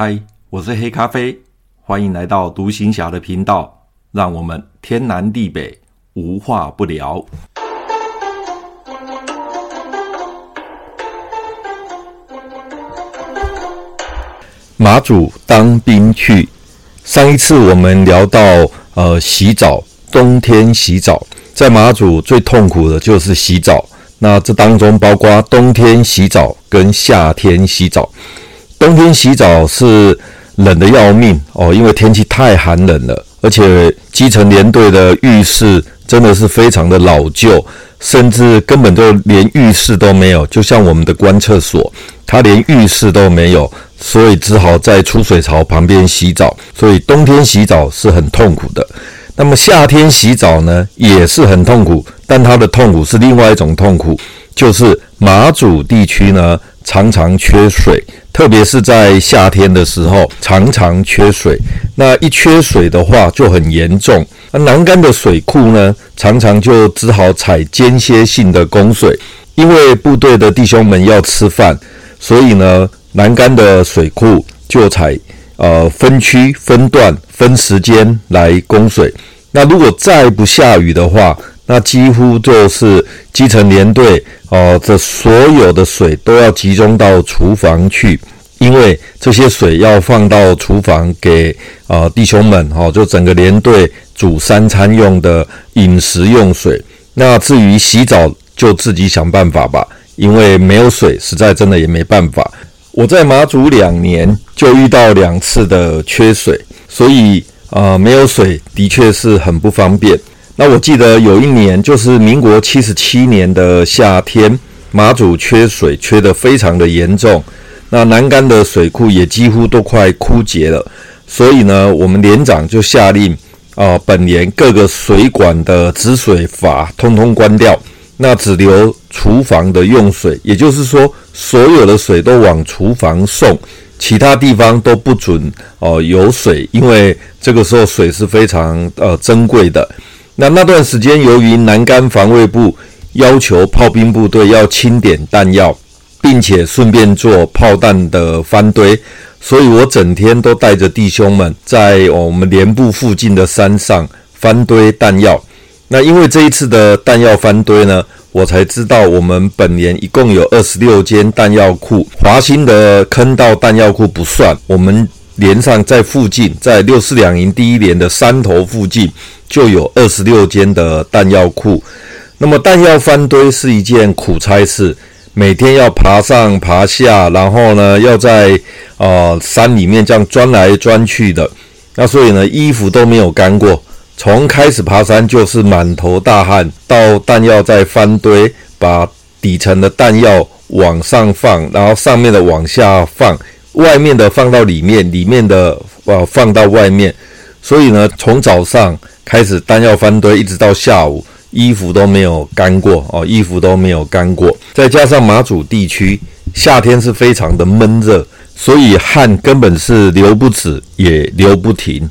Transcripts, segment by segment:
嗨，Hi, 我是黑咖啡，歡迎來到讀行俠的頻道，讓我們天南地北無話不聊。馬祖當兵趣，上一次我們聊到，呃，洗澡，冬天洗澡，在馬祖最痛苦的就是洗澡，那這當中包括冬天洗澡跟夏天洗澡。冬天洗澡是冷得要命哦，因為天氣太寒冷了，而且基層連隊的浴室真的是非常的老舊，甚至根本就連浴室都沒有。就像我們的觀測所，它連浴室都沒有，所以只好在出水槽旁邊洗澡。所以冬天洗澡是很痛苦的。那麼夏天洗澡呢，也是很痛苦，但它的痛苦是另外一種痛苦，就是馬祖地區呢，常常缺水，特別是在夏天的時候，常常缺水。那一缺水的話就很嚴重。那南竿的水庫呢，常常就只好採間歇性的供水，因為部隊的弟兄們要吃飯，所以呢，南竿的水庫就採呃分區、分段、分時間來供水。那如果再不下雨的話，那幾乎就是基層連隊哦、呃，這所有的水都要集中到廚房去，因為這些水要放到廚房給啊、呃、弟兄們哦，就整個連隊煮三餐用的飲食用水。那至於洗澡，就自己想辦法吧，因為沒有水，實在真的也沒辦法。我在馬祖兩年，就遇到兩次的缺水，所以啊、呃，沒有水的確是很不方便。那我記得有一年，就是民國七十七年的夏天，馬祖缺水缺得非常的嚴重，那南竿的水庫也幾乎都快枯竭了，所以呢，我們連長就下令，啊、呃，本連各個水管的止水閥通通關掉，那只留廚房的用水，也就是說，所有的水都往廚房送，其他地方都不准哦、呃、有水，因為這個時候水是非常呃珍貴的。那那段時間，由於南竿防衛部要求炮兵部隊要清點彈藥，並且順便做炮彈的翻堆，所以我整天都帶着弟兄們在我們連部附近的山上翻堆彈藥。那因為這一次的彈藥翻堆呢，我才知道我們本連一共有二十六間彈藥庫，華興的坑道彈藥庫不算。我們。連上在附近，在六四兩營第一連的山頭附近，就有二十六間的彈藥庫。那麼彈藥翻堆是一件苦差事，每天要爬上爬下，然後呢，要在呃山裡面這樣鑽來鑽去的。那所以呢，衣服都沒有乾過，從開始爬山就是滿頭大汗，到彈藥再翻堆，把底層的彈藥往上放，然後上面的往下放。外面的放到裡面，裡面的呃放到外面，所以呢，從早上開始單要翻堆，一直到下午，衣服都沒有乾過哦，衣服都沒有乾過。再加上馬祖地區夏天是非常的悶熱，所以汗根本是流不止也流不停。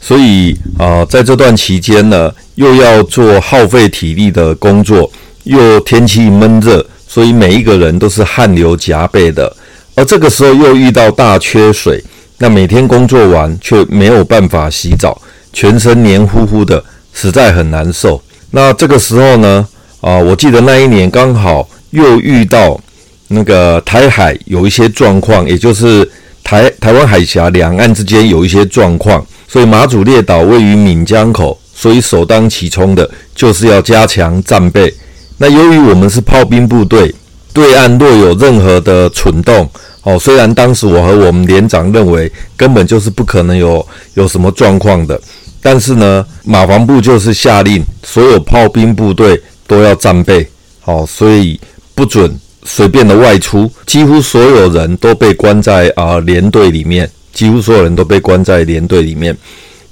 所以啊、呃，在這段期間呢，又要做耗費體力的工作，又天氣悶熱，所以每一個人都是汗流浹背的。而這個時候又遇到大缺水，那每天工作完卻沒有辦法洗澡，全身黏糊糊的，實在很難受。那這個時候呢，啊，我記得那一年剛好又遇到那個台海有一些狀況，也就是台台灣海峽兩岸之間有一些狀況，所以馬祖列島位於閩江口，所以首當其衝的就是要加強戰備。那由於我們是炮兵部隊。對岸若有任何的蠢動，哦，雖然當時我和我們連長認為根本就是不可能有有什麼狀況的，但是呢，馬防部就是下令所有炮兵部隊都要戰備，哦，所以不准隨便的外出，幾乎所有人都被關在啊、呃、連隊裡面，幾乎所有人都被關在連隊裡面，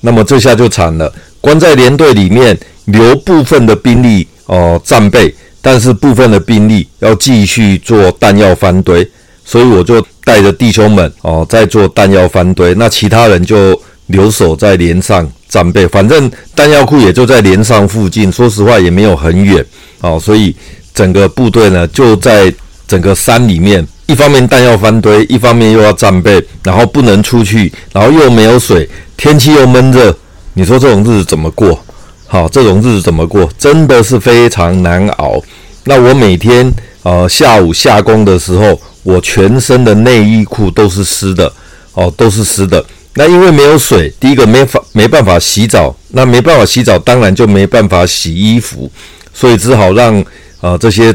那麼這下就慘了，關在連隊裡面，留部分的兵力哦、呃、戰備。但是部分的兵力要繼續做彈藥翻堆，所以我就帶着弟兄們哦、喔、在做彈藥翻堆，那其他人就留守在連上戰備，反正彈藥庫也就在連上附近，說實話也沒有很遠哦，所以整個部隊呢就在整個山裡面，一方面彈藥翻堆，一方面又要戰備，然後不能出去，然後又沒有水，天氣又悶熱，你說這種日子怎麼過？好，這種日子怎麼過？真的是非常難熬。那我每天呃下午下工的時候，我全身的內衣褲都是濕的，哦、呃，都是濕的。那因為沒有水，第一個沒法沒辦法洗澡，那沒辦法洗澡，當然就沒辦法洗衣服，所以只好讓呃這些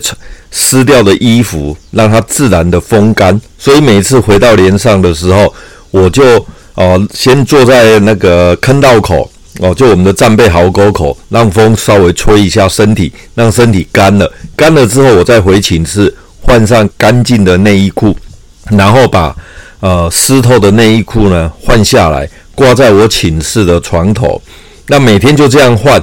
濕掉的衣服讓它自然的風乾。所以每次回到連上的時候，我就呃先坐在那個坑道口。哦，就我們的戰備壕溝口，讓風稍微吹一下身體，讓身體乾了。乾了之後，我再回寢室換上乾淨的內衣褲，然後把呃濕透的內衣褲呢換下來，掛在我寢室的床頭。那每天就這樣換，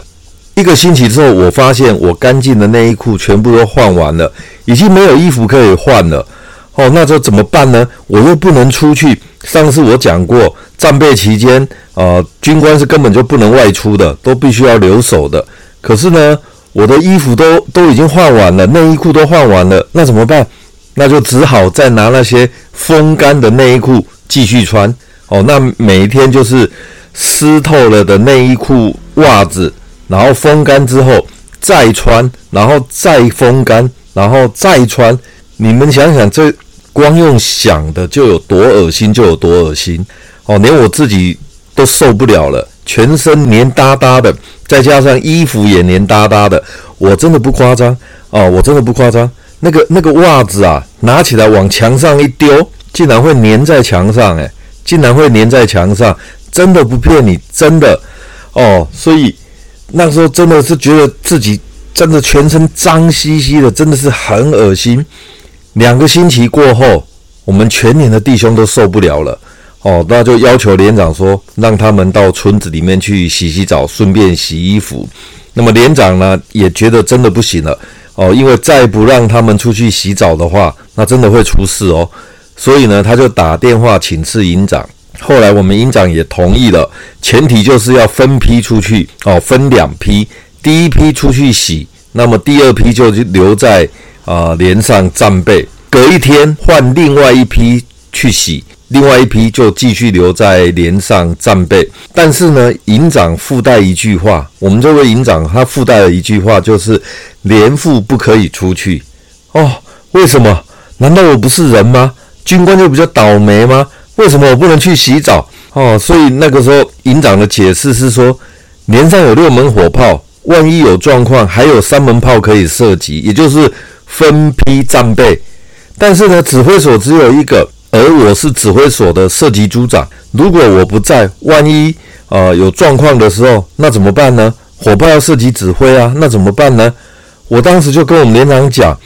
一個星期之後，我發現我乾淨的內衣褲全部都換完了，已經沒有衣服可以換了。哦，那這怎麼辦呢？我又不能出去。上次我講過，戰備期間啊、呃，軍官是根本就不能外出的，都必須要留守的。可是呢，我的衣服都都已經換完了，內衣褲都換完了，那怎麼辦？那就只好再拿那些風乾的內衣褲繼續穿。哦，那每一天就是濕透了的內衣褲、襪子，然後風乾之後再穿，然後再風乾，然後再穿。你們想想這。光用想的就有多惡心，就有多惡心哦，連我自己都受不了了，全身黏噠噠的，再加上衣服也黏噠噠的，我真的不誇張哦，我真的不誇張。那個那個襪子啊，拿起來往牆上一丟，竟然會粘在牆上，欸，哎，竟然會粘在牆上，真的不騙你，真的哦。所以那時候真的是覺得自己真的全身髒兮兮的，真的是很惡心。兩個星期過後，我們全連的弟兄都受不了了哦，那就要求連長說，讓他們到村子裡面去洗洗澡，順便洗衣服。那麼連長呢，也覺得真的不行了哦，因為再不讓他們出去洗澡的話，那真的會出事哦。所以呢，他就打電話請示營長，後來我們營長也同意了，前提就是要分批出去哦，分兩批，第一批出去洗，那麼第二批就留在。啊、呃，連上戰備，隔一天換另外一批去洗，另外一批就繼續留在連上戰備。但是呢，營長附帶一句話，我們這位營長他附帶了一句話，就是連副不可以出去。哦，為什麼？難道我不是人嗎？軍官就比較倒霉嗎？為什麼我不能去洗澡？哦，所以那個時候營長的解釋是說，連上有六門火炮。萬一有狀況，還有三門炮可以射擊，也就是分批戰備。但是呢，指揮所只有一個，而我是指揮所的射擊組長。如果我不在，萬一呃有狀況的時候，那怎麼辦呢？火炮要射擊指揮啊，那怎麼辦呢？我當時就跟我們連長講，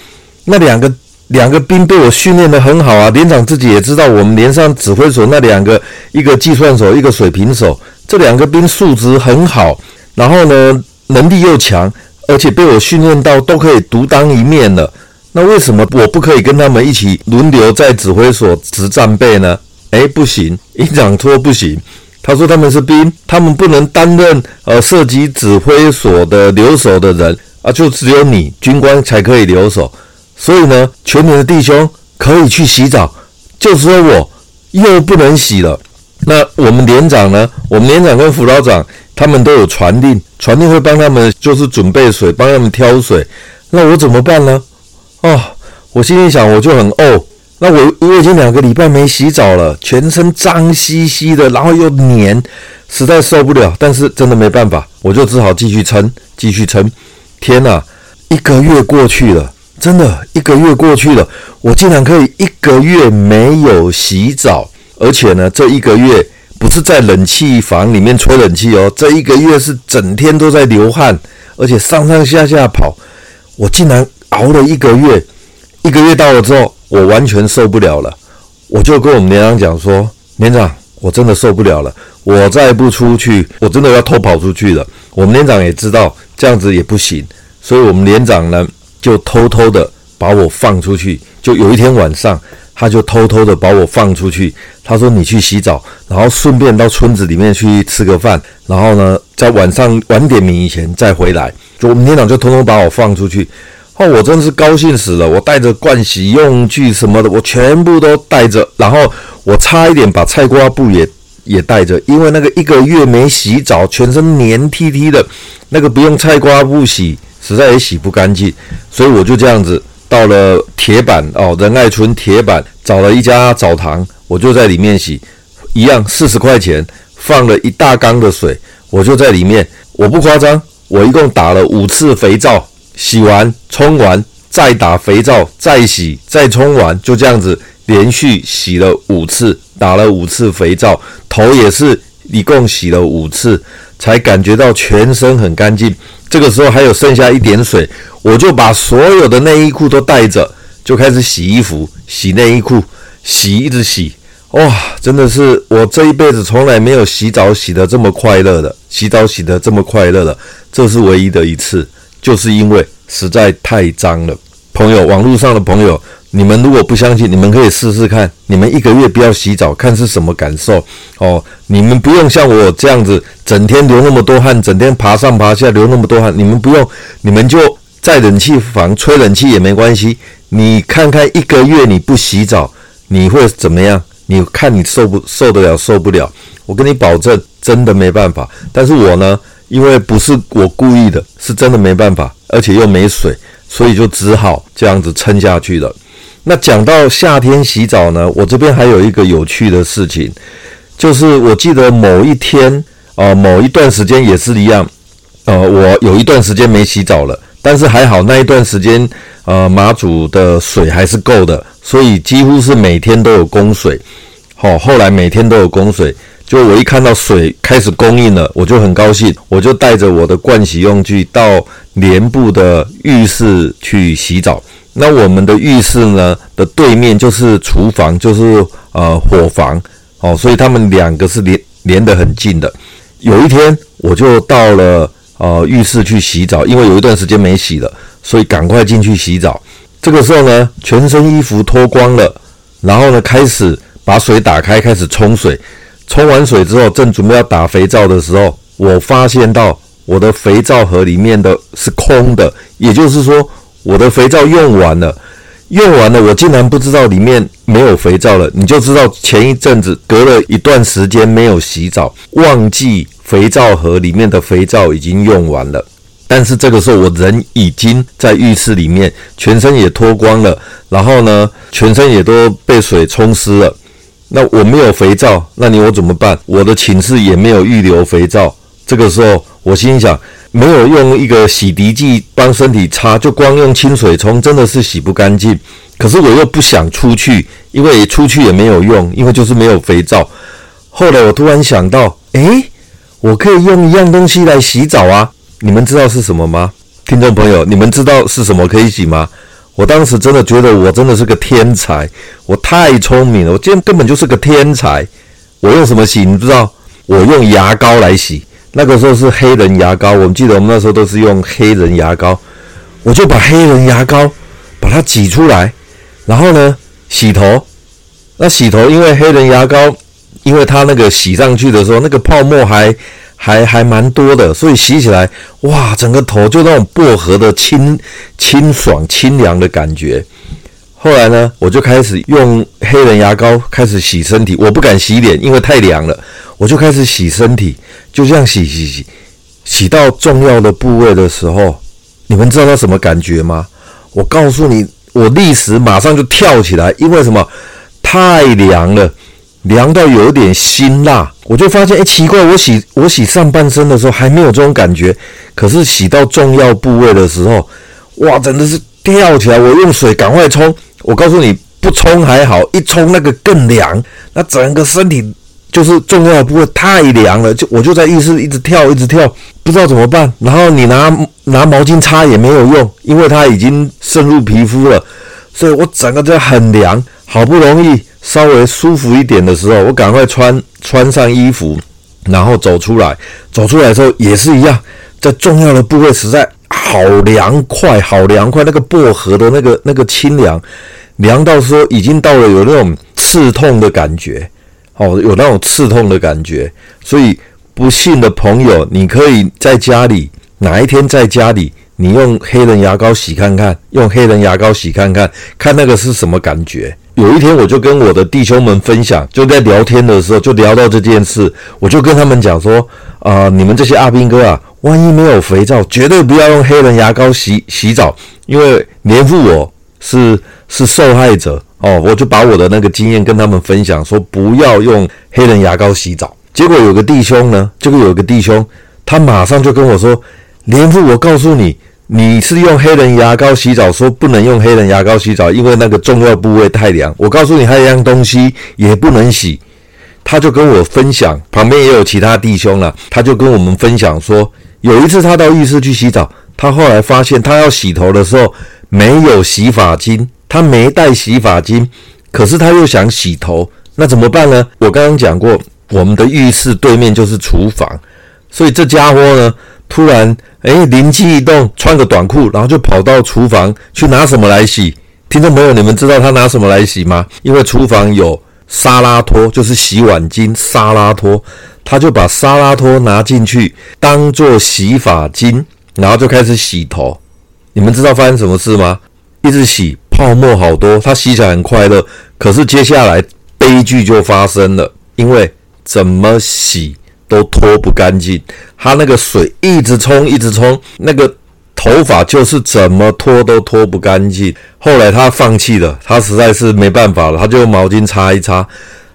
那兩個兩個兵被我訓練得很好啊。連長自己也知道，我們連上指揮所那兩個，一個計算手，一個水平手，這兩個兵素質很好。然後呢，能力又強，而且被我訓練到都可以獨當一面了，那為什麼我不可以跟他們一起輪流在指揮所值戰備呢？哎、欸，不行，營長說不行。他說他們是兵，他們不能擔任呃射擊指揮所的留守的人啊，就只有你軍官才可以留守。所以呢，全連的弟兄可以去洗澡，就說我又不能洗了。那我們連長呢？我們連長跟輔導長，他們都有傳令，傳令會幫他們就是準備水，幫他們挑水。那我怎麼辦呢？哦，我心裡想，我就很餓、哦。那我我已經兩個禮拜沒洗澡了，全身髒兮兮的，然後又黏，實在受不了。但是真的沒辦法，我就只好繼續撐，繼續撐。天吶，一個月過去了，真的一個月過去了，我竟然可以一個月沒有洗澡。而且呢，這一個月不是在冷氣房裡面吹冷氣哦，這一個月是整天都在流汗，而且上上下下跑，我竟然熬了一個月，一個月到了之後，我完全受不了了，我就跟我們連長講說，連長，我真的受不了了，我再不出去，我真的要偷跑出去了。我們連長也知道這樣子也不行，所以我們連長呢就偷偷的把我放出去，就有一天晚上。他就偷偷的把我放出去，他說：“你去洗澡，然後順便到村子裡面去吃個飯，然後呢，在晚上晚點名以前再回來。”就就我們領導就偷偷把我放出去，後、哦、我真是高興死了。我帶着盥洗用具什麼的，我全部都帶着，然後我差一點把菜瓜布也也帶着，因為那個一個月沒洗澡，全身黏踢踢的，那個不用菜瓜布洗，實在也洗不乾淨，所以我就這樣子。到了鐵板哦，仁愛村鐵板，找了一家澡堂，我就在裡面洗，一樣四十塊錢，放了一大缸的水，我就在裡面，我不誇張，我一共打了五次肥皂，洗完沖完再打肥皂，再洗再沖完，就這樣子連續洗了五次，打了五次肥皂，頭也是一共洗了五次，才感覺到全身很乾淨。這個時候還有剩下一點水，我就把所有的內衣褲都帶着，就開始洗衣服、洗內衣褲、洗，一直洗。哇、哦，真的是我這一輩子從來沒有洗澡洗得這麼快樂的，洗澡洗得這麼快樂的，這是唯一的一次，就是因為實在太髒了。朋友，網絡上的朋友。你們如果不相信，你們可以試試看。你們一個月不要洗澡，看是什麼感受哦。你們不用像我這樣子，整天流那麼多汗，整天爬上爬下流那麼多汗。你們不用，你們就在冷氣房吹冷氣也沒關係。你看看一個月你不洗澡，你會怎麼樣？你看你受不受得了？受不了？我跟你保證，真的沒辦法。但是我呢，因為不是我故意的，是真的沒辦法，而且又沒水，所以就只好這樣子撐下去了。那講到夏天洗澡呢，我這邊還有一個有趣的事情，就是我記得某一天啊、呃，某一段時間也是一樣，呃，我有一段時間沒洗澡了，但是還好那一段時間，呃，馬祖的水還是夠的，所以幾乎是每天都有供水。好，後來每天都有供水，就我一看到水開始供應了，我就很高興，我就帶着我的盥洗用具到連部的浴室去洗澡。那我們的浴室呢的對面就是廚房，就是呃伙房，哦，所以他們兩個是連連得很近的。有一天，我就到了呃浴室去洗澡，因為有一段時間沒洗了，所以趕快進去洗澡。這個時候呢，全身衣服脫光了，然後呢，開始把水打開，開始沖水。沖完水之後，正準備要打肥皂的時候，我發現到我的肥皂盒裡面的是空的，也就是說。我的肥皂用完了，用完了，我竟然不知道裡面沒有肥皂了。你就知道前一陣子隔了一段時間沒有洗澡，忘記肥皂盒裡面的肥皂已經用完了。但是這個時候我人已經在浴室裡面，全身也脫光了，然後呢，全身也都被水沖濕了。那我沒有肥皂，那你我怎麼辦？我的寢室也沒有預留肥皂。這個時候我心想，沒有用一個洗滌劑幫身體擦，就光用清水沖，真的是洗不乾淨。可是我又不想出去，因為出去也沒有用，因為就是沒有肥皂。後來我突然想到，誒，我可以用一樣東西來洗澡啊！你們知道是什麼嗎？聽眾朋友，你們知道是什麼可以洗嗎？我當時真的覺得我真的是個天才，我太聰明了，我今天根本就是個天才。我用什麼洗？你知道？我用牙膏來洗。那個時候是黑人牙膏，我們記得我們那時候都是用黑人牙膏，我就把黑人牙膏把它擠出來，然後呢洗頭。那洗頭因為黑人牙膏，因為它那個洗上去的時候，那個泡沫還還還蠻多的，所以洗起來哇，整個頭就那種薄荷的清清爽、清涼的感覺。後來呢，我就開始用黑人牙膏開始洗身體，我不敢洗臉，因為太涼了。我就開始洗身體，就這樣洗洗洗，洗到重要的部位的時候，你們知道它什麼感覺嗎？我告訴你，我立時馬上就跳起來，因為什麼？太涼了，涼到有點辛辣。我就發現，哎、欸，奇怪，我洗我洗上半身的時候還沒有這種感覺，可是洗到重要部位的時候，哇，真的是跳起來！我用水趕快沖，我告訴你，不沖還好，一沖那個更涼，那整個身體。就是重要的部位太涼了，就我就在浴室一直跳一直跳，不知道怎麼辦。然後你拿拿毛巾擦也沒有用，因為它已經滲入皮膚了，所以我整個就很涼。好不容易稍微舒服一點的時候，我趕快穿穿上衣服，然後走出來。走出來的時候也是一樣，在重要的部位實在好涼快，好涼快。那個薄荷的那個那個清涼，涼到說已經到了有那種刺痛的感覺。哦，有那種刺痛的感覺，所以不信的朋友，你可以在家裡哪一天在家裡，你用黑人牙膏洗看看，用黑人牙膏洗看看，看那個是什麼感覺。有一天，我就跟我的弟兄們分享，就在聊天的時候就聊到這件事，我就跟他們講說，啊、呃，你們這些阿兵哥啊，萬一沒有肥皂，絕對不要用黑人牙膏洗洗澡，因為黏附，我是是受害者。哦，我就把我的那個經驗跟他們分享，說不要用黑人牙膏洗澡。結果有個弟兄呢，結果有個弟兄，他馬上就跟我說：“連副，我告訴你，你是用黑人牙膏洗澡，說不能用黑人牙膏洗澡，因為那個重要部位太涼。我告訴你，還有一樣東西也不能洗。”他就跟我分享，旁邊也有其他弟兄了、啊，他就跟我們分享說，有一次他到浴室去洗澡，他後來發現他要洗頭的時候沒有洗髮精。他沒帶洗髮精，可是他又想洗頭，那怎麼辦呢？我剛剛講過，我們的浴室對面就是廚房，所以這家伙呢，突然，誒，靈機一動，穿個短褲，然後就跑到廚房去拿什麼來洗？聽眾朋友，你們知道他拿什麼來洗嗎？因為廚房有沙拉托，就是洗碗巾沙拉托。他就把沙拉托拿進去，當做洗髮精，然後就開始洗頭。你們知道發生什麼事嗎？一直洗。泡沫好多，他洗起來很快樂。可是接下來悲劇就發生了，因為怎麼洗都脫不乾淨，他那個水一直衝一直衝，那個頭髮就是怎麼脫都脫不乾淨。後來他放棄了，他實在是沒辦法了，他就用毛巾擦一擦。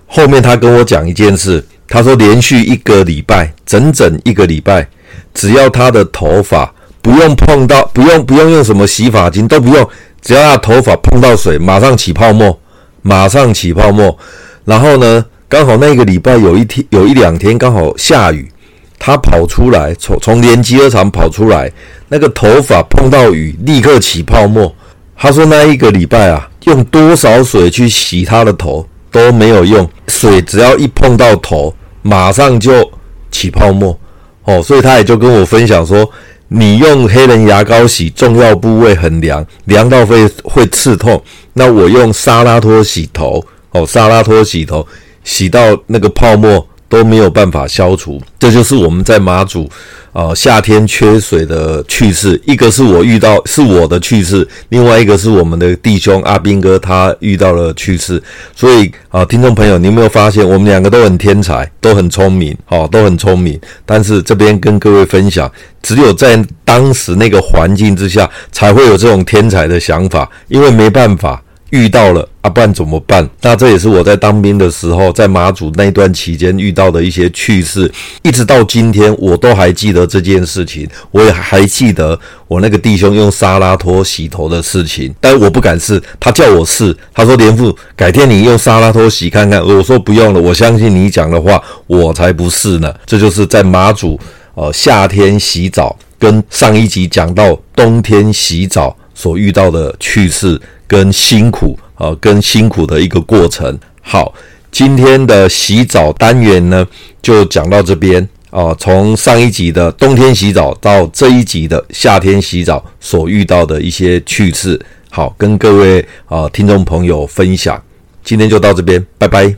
後面他跟我講一件事，他說，連續一個禮拜，整整一個禮拜，只要他的頭髮不用碰到，不用不用用什麼洗髮精都不用。只要他頭髮碰到水，馬上起泡沫，馬上起泡沫。然後呢，剛好那個禮拜有一天，有一兩天剛好下雨，他跑出來，從從連集合場跑出來，那個頭髮碰到雨立刻起泡沫。他說那一個禮拜啊，用多少水去洗他的頭都沒有用，水只要一碰到頭，馬上就起泡沫。哦，所以他也就跟我分享說。你用黑人牙膏洗，重要部位很涼，涼到會會刺痛。那我用沙拉托洗頭，哦，沙拉托洗頭，洗到那個泡沫。都沒有辦法消除，這就是我們在馬祖啊、呃、夏天缺水的趣事。一個是我遇到，是我的趣事，另外一個是我們的弟兄阿兵哥他遇到了趣事。所以啊、呃，聽眾朋友，你有沒有發現我們兩個都很天才，都很聰明，好、哦，都很聰明。但是這邊跟各位分享，只有在當時那個環境之下，才會有這種天才的想法，因為沒辦法。遇到了啊，不然怎麼辦？那這也是我在當兵的時候，在馬祖那段期間遇到的一些趣事，一直到今天我都還記得這件事情。我也還記得我那個弟兄用沙拉脫洗頭的事情，但我不敢試，他叫我試，他說，連副，改天你用沙拉脫洗看看。我說不用了，我相信你講的話，我才不試呢。這就是在馬祖，呃，夏天洗澡，跟上一集講到冬天洗澡，所遇到的趣事跟辛苦啊，跟辛苦的一個過程。好，今天的洗澡單元呢，就講到這邊啊。從上一集的冬天洗澡到這一集的夏天洗澡，所遇到的一些趣事。好，跟各位啊聽眾朋友分享。今天就到這邊，拜拜。